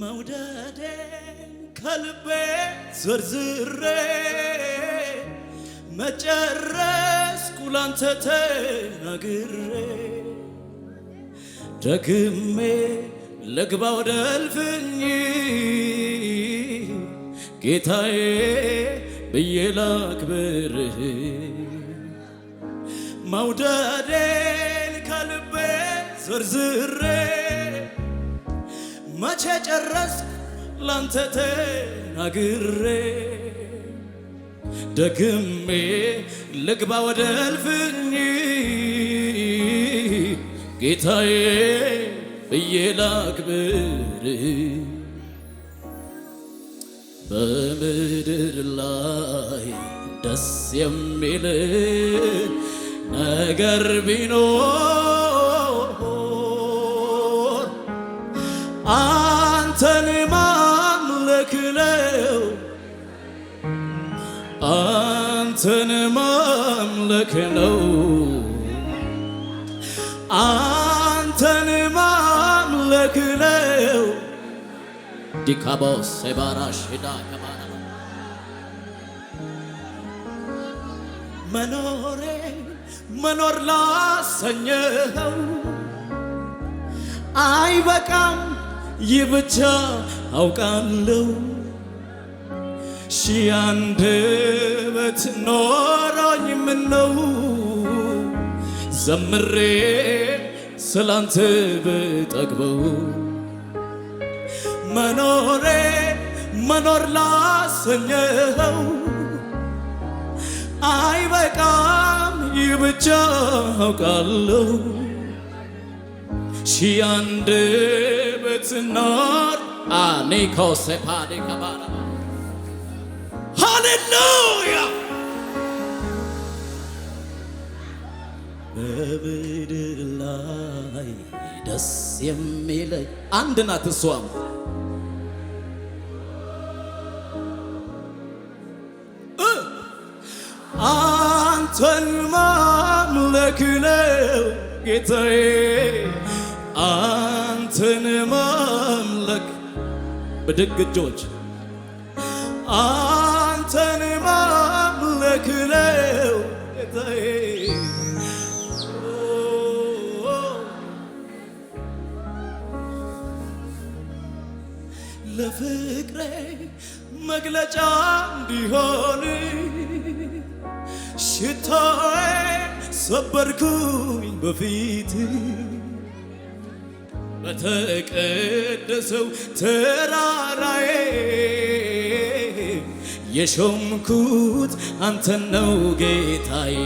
መውደዴን ከልቤ ዘርዝሬ መጨረስኩ ላንተ ተናግሬ ደግሜ ልግባ ወደ እልፍኝ ጌታዬ ብዬ ላክብርህ መውደዴን ከልቤ ዘርዝሬ መቼ ጨረስ ላንተ ተናግሬ ደግሜ ልግባ ወደ እልፍኝ ጌታዬ ብዬ ላክብር በምድር ላይ ደስ የሚል ነገር ቢኖር አምላክ ነው። አንተን ማምለክ ነው። ዲካቦ ሴባራ ሽዳ መኖሬ መኖር ላሰኘኸው አይበቃም ብቻ ሺህ አንደበት ኖራኝ ምነው ዘምሬ ስላንተ ብጠግበው መኖሬ መኖር ላሰኘኸው አይበቃም ይህ ብቻ አውቃለሁ ሺህ አንደበት ኖር አኔ ከውሴፓዴ ከባራ ሃሌሉያ በምድር ላይ ደስ የሚለኝ አንድ ናት እሷም አንተን ማምለክ ነው ጌታዬ አንተን ማምለክ ብድግ እጆች ፍቅሬ መግለጫ እንዲሆን ሽታዬ ሰበርኩኝ በፊት በተቀደሰው ተራራዬ የሾምኩት አንተን ነው ጌታዬ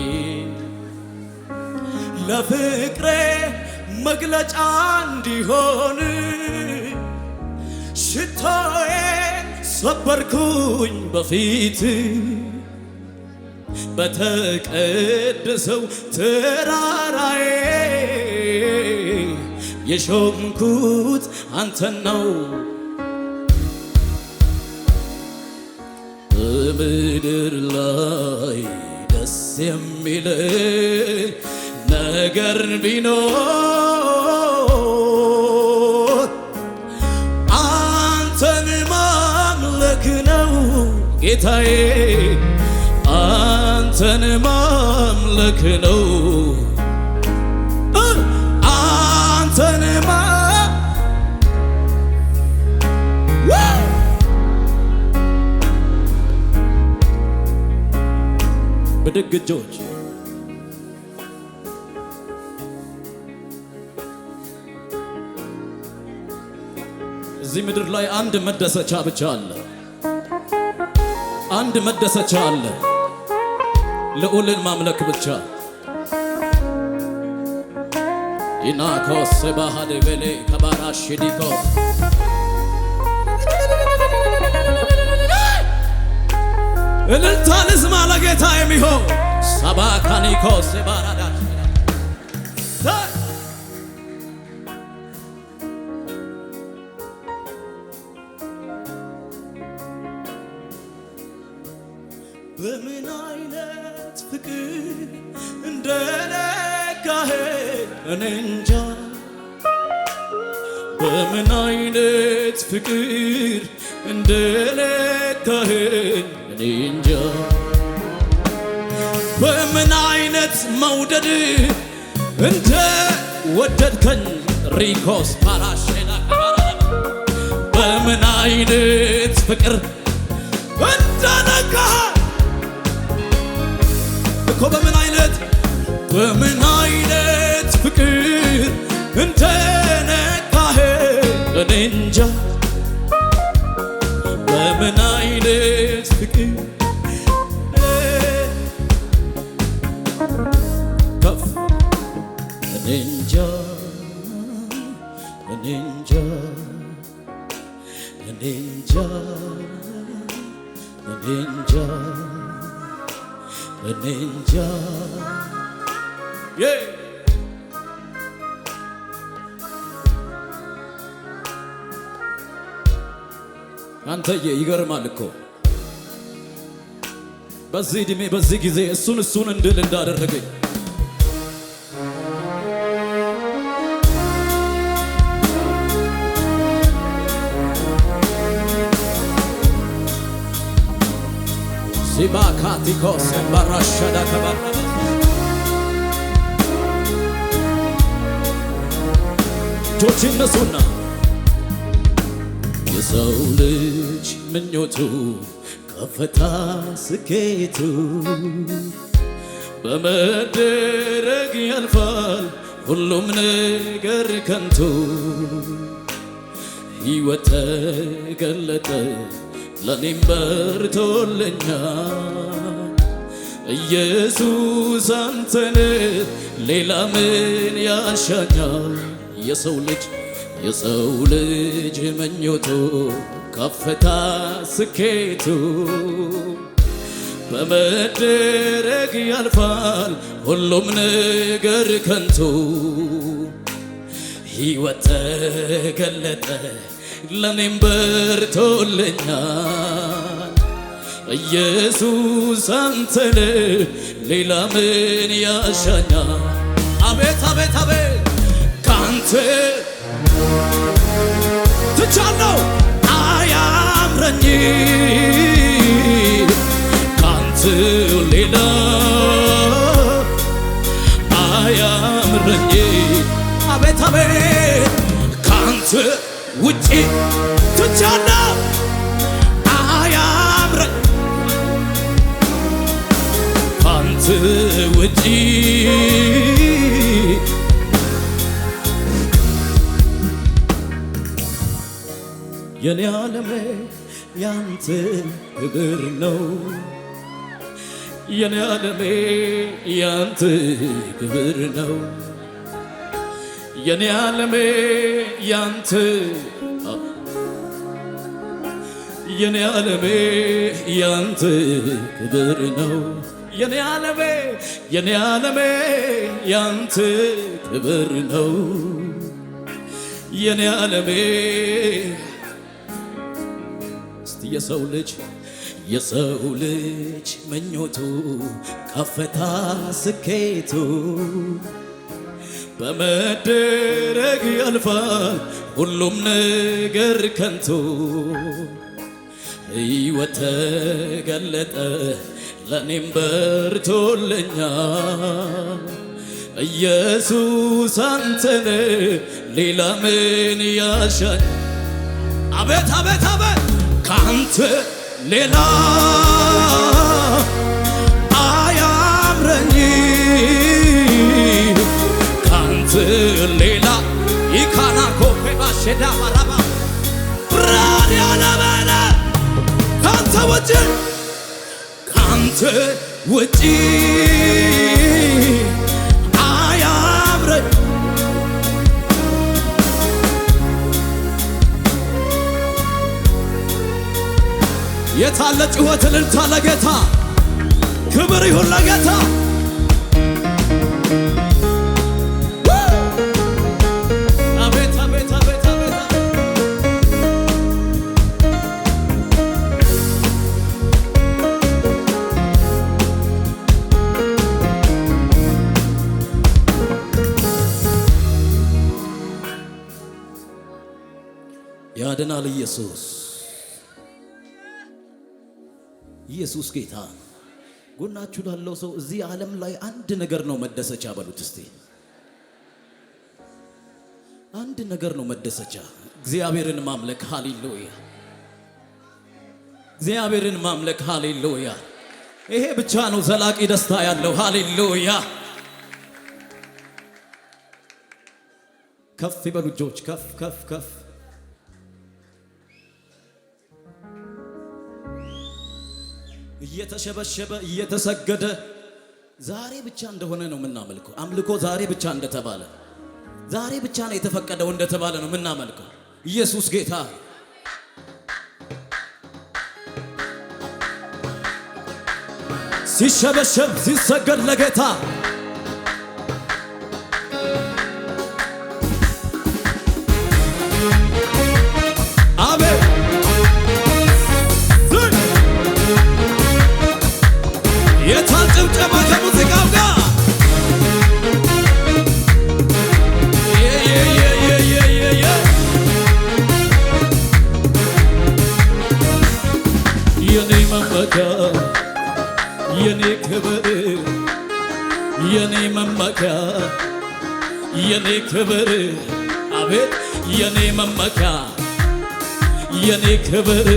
ለፍቅሬ መግለጫ እንዲሆን ሽታዬ ሰበርኩኝ በፊት በተቀደሰው ተራራዬ የሾምኩት አንተን ነው። በምድር ላይ ደስ የሚል ነገር ቢኖር ጌታዬ አንተን ማምለክ ነው አንተን ብድግ እጆች እዚህ ምድር ላይ አንድ መደሰቻ ብቻ አለ አንድ መደሰቻ አለ፣ ልዑልን ማምለክ ብቻ። ኢናኮስ ባህድ ቤሌ ከባራሽ ዲኮ እልልታ ልስማ ለጌታ የሚሆን ሰባካኒኮ ባራዳ ፍቅር እንደለካህን እኔ እንጃ በምን አይነት መውደድ እንደ ወደድከኝ ሪኮስ በምን አይነት ፍቅር እንደነካህ እኮ በምን አይነት በምን አይነት ፍቅር እንደነካህ እኔ እንጃ አንተዬ ይገርማል እኮ በዚህ ዕድሜ በዚህ ጊዜ እሱን እሱን እንድል እንዳደረገኝ ሲባካቲኮስ ባራሸዳ ከባረ እጆችን ነሱና የሰው ልጅ ምኞቱ ከፍታ ስኬቱ በመደረግ ያልፋል ሁሉም ነገር ከንቱ ሕይወት ተገለጠ ለኔም በርቶልኛል ኢየሱስ አንተን ሌላ ምን ያሻኛል የሰው ልጅ የሰው ልጅ መኞቱ ከፍታ ስኬቱ በመደረግ ያልፋል ሁሉም ነገር ከንቱ ሕይወት ተገለጠ ለኔም በርቶልኛል ኢየሱስ አንተን ሌላ ምን ያሻኛል አቤት አቤት አቤት ካንተ ትቻለው አያምረኝ ካንት ሌላ አያምረኝ አቤት አቤት ካንተ ውጪ ትቻለው አያምረኝ ካንተ ውጪ የኔ ዓለሜ ያንተ እግር ነው የኔ ዓለሜ ያንተ ክብር ነው የኔ ዓለሜ ያንተ የኔ ዓለሜ ያንተ ክብር ነው የኔ ዓለሜ የኔ ዓለሜ ያንተ ክብር ነው የኔ ዓለሜ የሰው ልጅ የሰው ልጅ ምኞቱ ከፍታ ስኬቱ በመደረግ ያልፋል ሁሉም ነገር ከንቱ ሕይወት ተገለጠ ለእኔም በርቶለኛ ኢየሱስ አንተን ሌላ ምን ያሻኝ አቤት አቤት አቤት ካንተ ሌላ አያምረኝ ካንተ ሌላ ይካናኮ ፌባሸዳ ባራባ ብራን ያለበለ ካንተ ውጭ ካንተ ውጪ የታለ ጩኸት እልልታ ለጌታ ክብር ይሁን ለጌታ ያድናል ኢየሱስ ኢየሱስ ጌታ። ጎናችሁ ላለው ሰው እዚህ ዓለም ላይ አንድ ነገር ነው መደሰቻ በሉት እስቲ። አንድ ነገር ነው መደሰቻ፣ እግዚአብሔርን ማምለክ። ሃሌሉያ! እግዚአብሔርን ማምለክ። ሃሌሉያ! ይሄ ብቻ ነው ዘላቂ ደስታ ያለው። ሃሌሉያ! ከፍ ይበሉ እጆች፣ ከፍ ከፍ ከፍ እየተሸበሸበ እየተሰገደ ዛሬ ብቻ እንደሆነ ነው የምናመልከው። አምልኮ ዛሬ ብቻ እንደተባለ ዛሬ ብቻ ነው የተፈቀደው እንደተባለ ነው የምናመልከው። ኢየሱስ ጌታ ሲሸበሸብ ሲሰገድ ለጌታ የኔ ክብር የኔ መመኪያ የኔ ክብር አቤት የኔ መመኪያ የኔ ክብር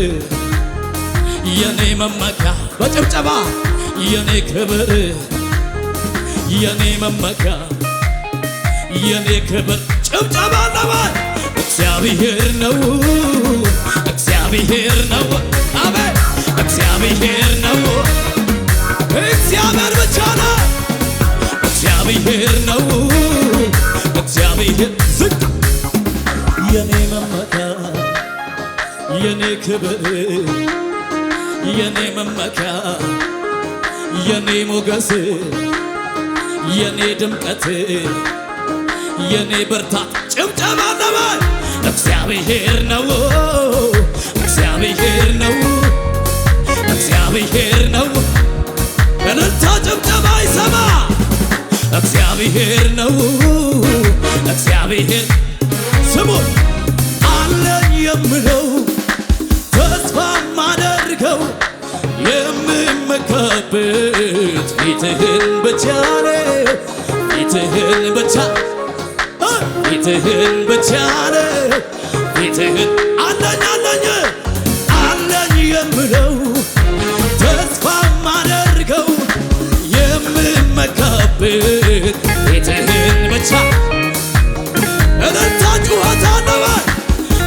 የኔ መመኪያ በጭብጨባ የኔ ክብር የኔ መመካ የኔ ክብር ጭብጨባ ለማን እግዚአብሔር ነው እግዚአብሔር ነው አቤት እግዚአብሔር ነው እግዚአብሔር ብቻ ነው እግዚአብሔር ነው እግዚአብሔር ዝቅ የኔ መመካ የኔ ክብር የኔ መመካ የኔ ሞገስ የኔ ድምቀት የኔ ብርታት ጭብጨባ ነበር። እግዚአብሔር ነው እግዚአብሔር ነው እግዚአብሔር ነው እልልታ ጭብጨባ ይሰማ እግዚአብሔር ነው እግዚአብሔር ስሙ አለኝ የምለው ያለበት ፊትህን ብቻ ፊትህን ብቻ ፊትህን ፊትህን አለኝ አለኝ አለኝ የምለው ተስፋ ማደርገው የምመካበት ፊትህን ብቻ እለታችሁ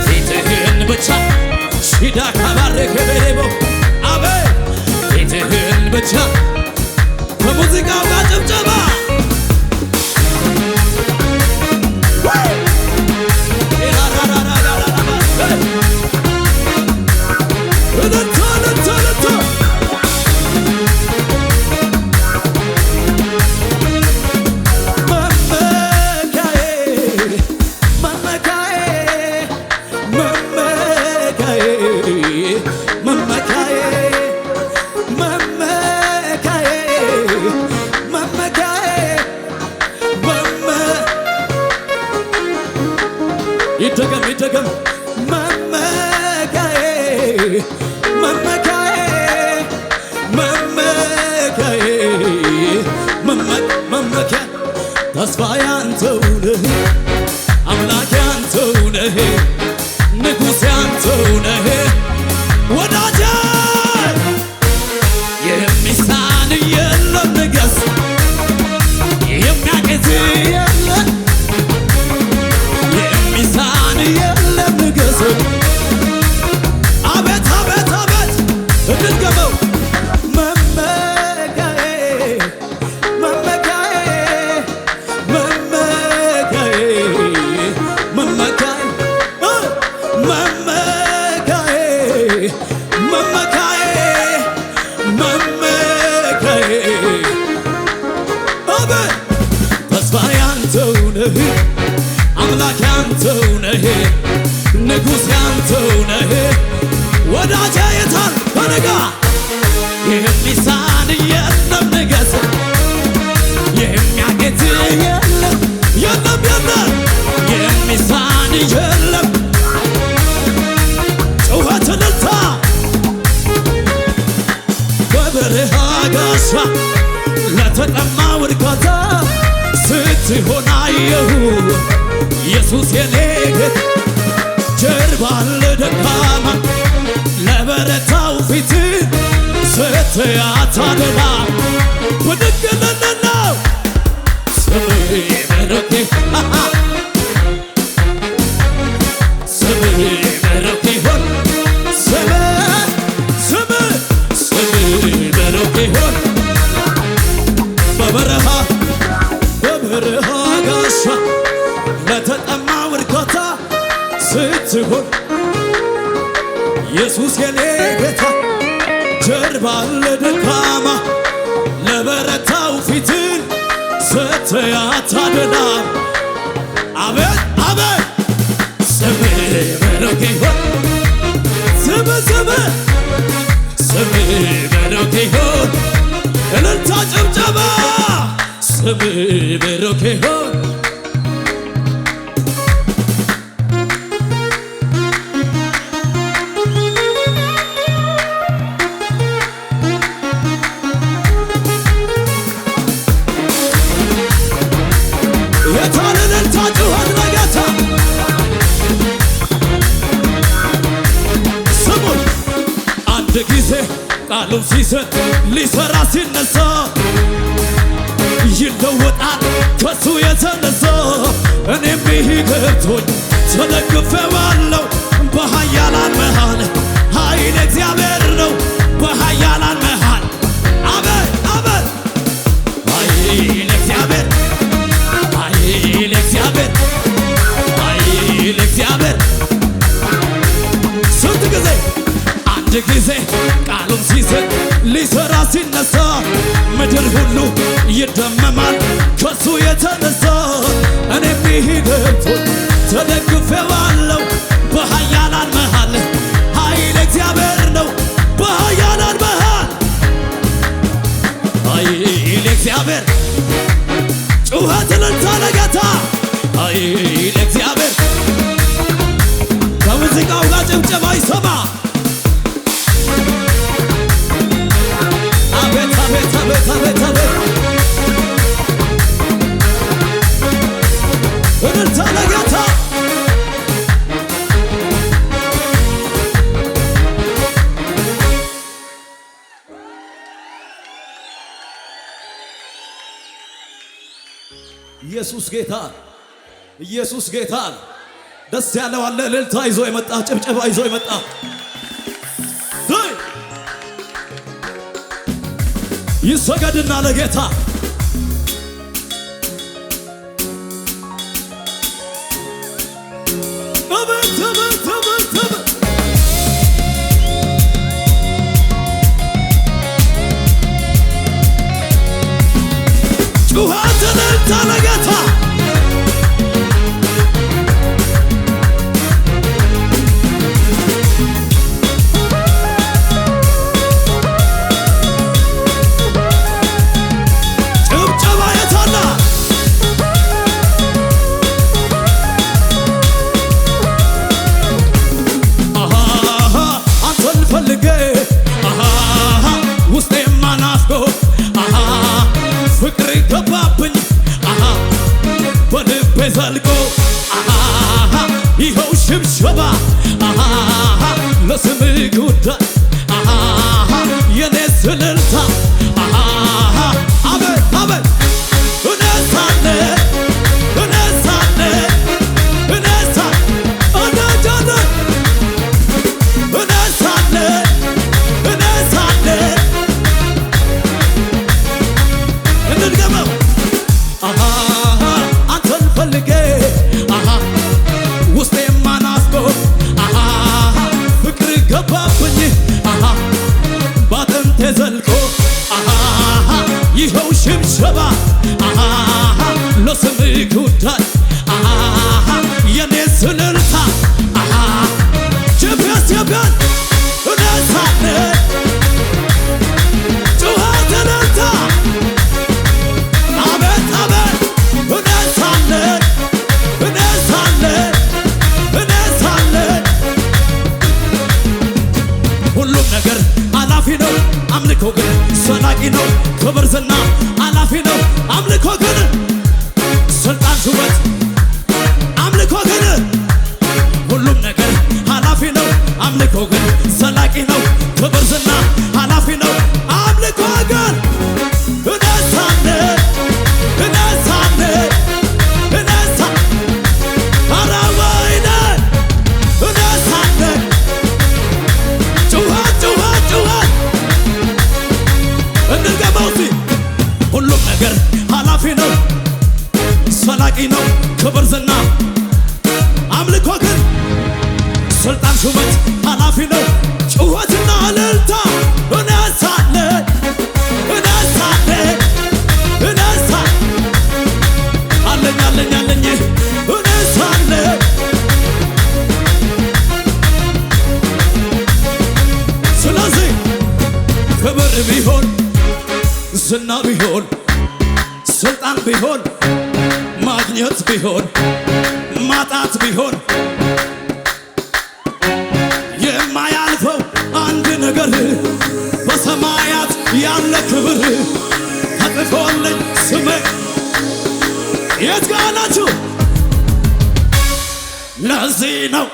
ፊትህን ብቻ 자. Let's go. መታደላ ውድቅልልና ስምህ ምሕረቴ ስምህ ምሕረቴ እርካታ ስትሆን ኢየሱስ የኔ ጌታ ጀርባ ያት አድናል። አቤት አቤት ስሜ በሮኬ ሆን ስም ስም ስሜ በሮኬ ሆን እልልታ ጭብጨባ ስሜ በሮኬ ሆን ከሱ የተነሳ እኔም ይህ ገብቶኝ ተለግፌ ባለው በኃያላን መሃል ኃይል እግዚአብሔር ነው በኃያላን መሃል አሜን አሜን ኃይል እግዚአብሔር ኃይል እግዚአብሔር ኃይል እግዚአብሔር ስንት ጊዜ አንድ ጊዜ ቃሉን ሲሰጥ ሊሰራ ሲነሳ ምድር ሁሉ ይደመማል ከሱ የተነሳ እኔም ይሂደቱን ተደግፌዋለሁ። በኃያላን መሃል ኃይል እግዚአብሔር ነው። በኃያላን መሃል ኃይል እግዚአብሔር ጩኸት ልልታ ለጌታ ኃይል እግዚአብሔር ከሙዚቃው ጋር ጭብጨባ ይሰማ አቤት ኢየሱስ ጌታ ኢየሱስ ጌታ ደስ ያለው አለ። እልልታ ይዞ የመጣ ጭብጨባ ይዞ የመጣ ይሰገድና ለጌታ ጩኸት ለጌታ ስባ ለስምህ ጉዳይ የኔ ስልልታ ጀቢያስ ጀቢያን እነሳነ ሁሉም ነገር አላፊ ነው አምልኮ ግን ዘላቂ ነው ክብር ዝና No.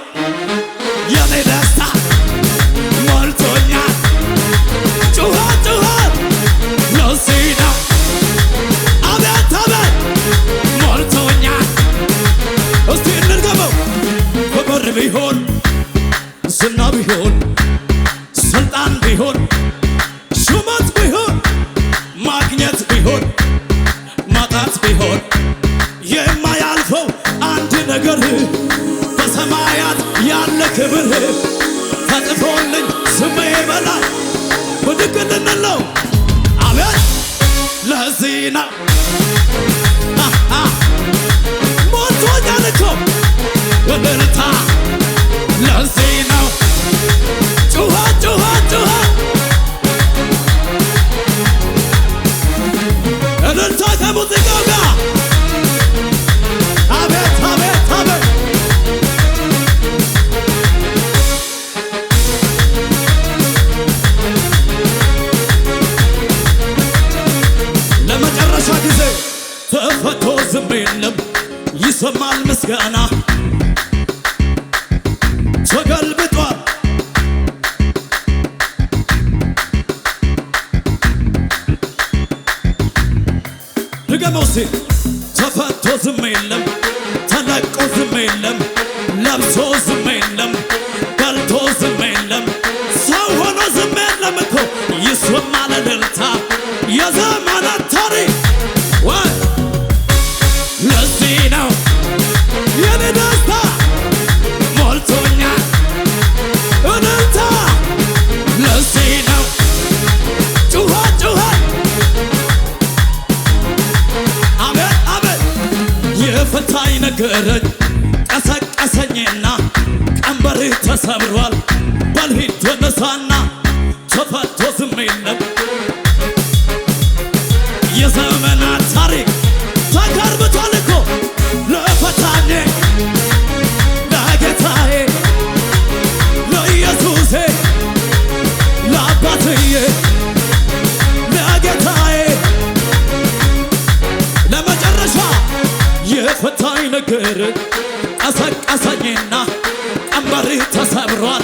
ተሰብሯል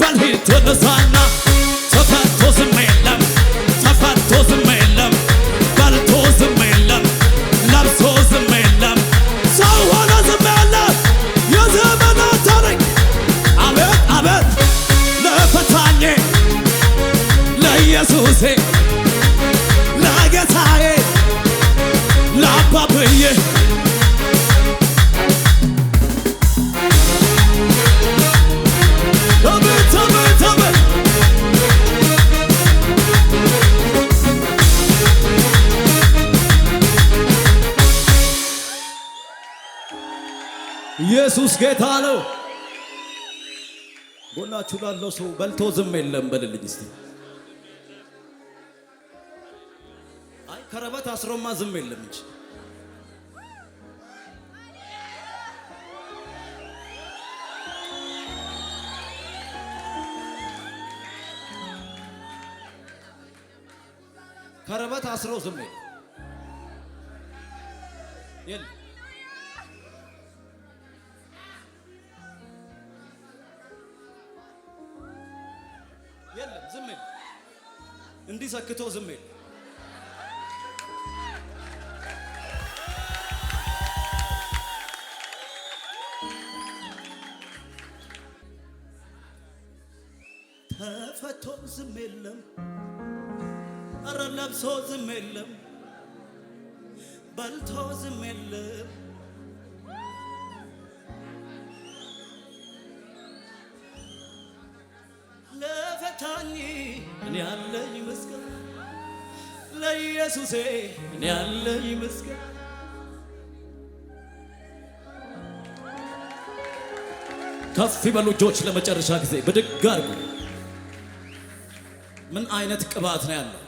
በልሂድ ትንሳና በዙሪያችሁ ላለው ሰው በልቶ ዝም የለም በልልኝ እስቲ። አይ ከረበት አስሮማ ዝም የለም እንጂ ከረበት አስሮ ዝም የለም። ሰክቶ ዝም ይል ተፈቶ ዝም የለም። ኧረ ለብሶ ዝም የለም። በልቶ ዝም የለም። ለኢየሱሴ እኔ ያለኝ ምስጋና ከፍ ይበሉ እጆች ለመጨረሻ ጊዜ ብድግ አድርጉ። ምን አይነት ቅባት ነው ያለው?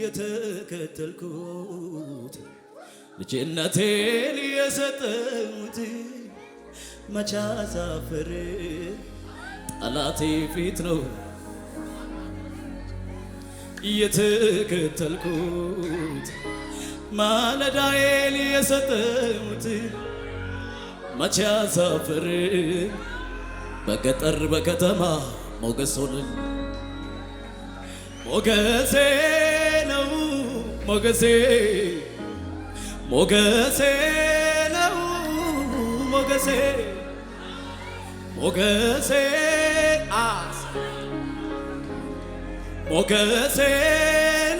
የተከተልኩት ልጅነቴን የሰጠሁት መቻሳፍር ጠላቴ ፊት ነው እየተከተልኩት ማለዳዬን የሰጠሁት መቼ አሳፍር በገጠር በከተማ ሞገስ ሆነኝ ሞገሴ ነው ሞገሴ ሞገሴ ነው ሞገሴ ሞገሴ ሞገሴ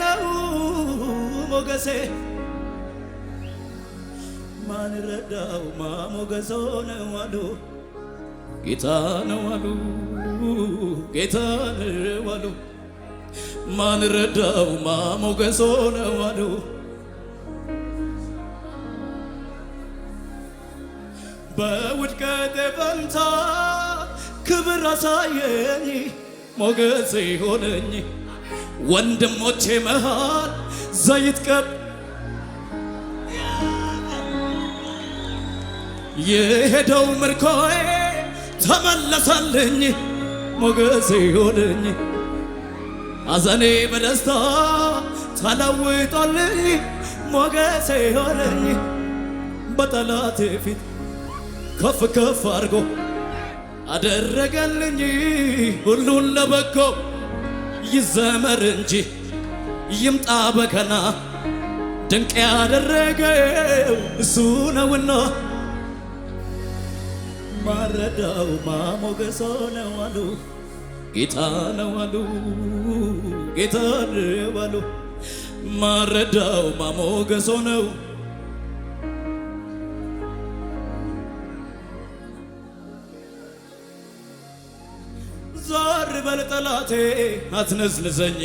ነው ሞገሴ ማን ረዳው ማ ነው አሉ ጌታ ነው አሉ ጌታ ነው አሉ ማን ረዳው ማ ነው አሉ በውድቀት ፈንታ ክብር አሳየኝ ሞገሴ ሆነኝ ወንድሞቼ መሃል ዘይት ቀብ የሄደው ምርኮዬ ተመለሰልኝ፣ ሞገስ ሆነኝ፣ አዘኔ በደስታ ተለውጦልኝ፣ ሞገስ ሆነኝ። በጠላቴ ፊት ከፍ ከፍ አድርጎ አደረገልኝ ሁሉን ለበጎ ይዘመር እንጂ ይምጣ በገና ድንቅ ያደረገው እሱ ነውና ማረዳው ማሞገሶ ነው አሉ ጌታ ነው አሉ ጌታ ነው አሉ ማረዳው ማሞገሶ ነው በል ጠላቴ አትነዝንዘኝ፣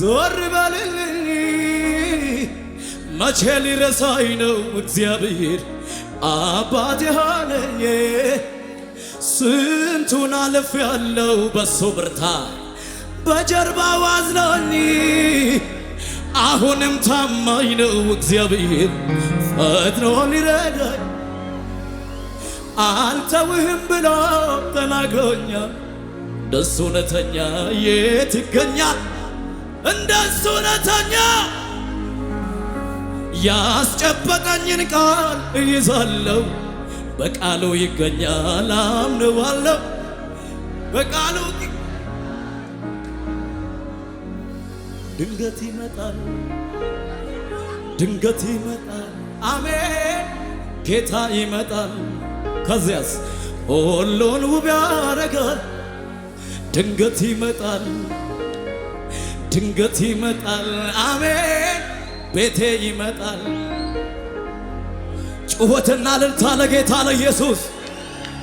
ዞር በልልኝ። መቼ ሊረሳኝ ነው እግዚአብሔር አባቴ ሆነኝ። ስንቱን አልፍ ያለው በሶ ብርታ በጀርባ ዋዝለኝ። አሁንም ታማኝ ነው እግዚአብሔር ፈጥኖ ሊረዳኝ አልተውህም ብሎ ተናግሮኛል። እንደሱ እውነተኛ የት ይገኛል? እንደሱ እውነተኛ ያስጨበቀኝን ቃል እይዛለሁ። በቃሉ ይገኛል አምነዋለሁ። በቃሉ ድንገት ይመጣል፣ ድንገት ይመጣል። አሜን ጌታ ይመጣል። ከዚያስ ሁሉን ውብ ያረጋል። ድንገት ይመጣል ድንገት ይመጣል አሜን ቤቴ ይመጣል ጩኸትና ልልታ ለጌታ ለኢየሱስ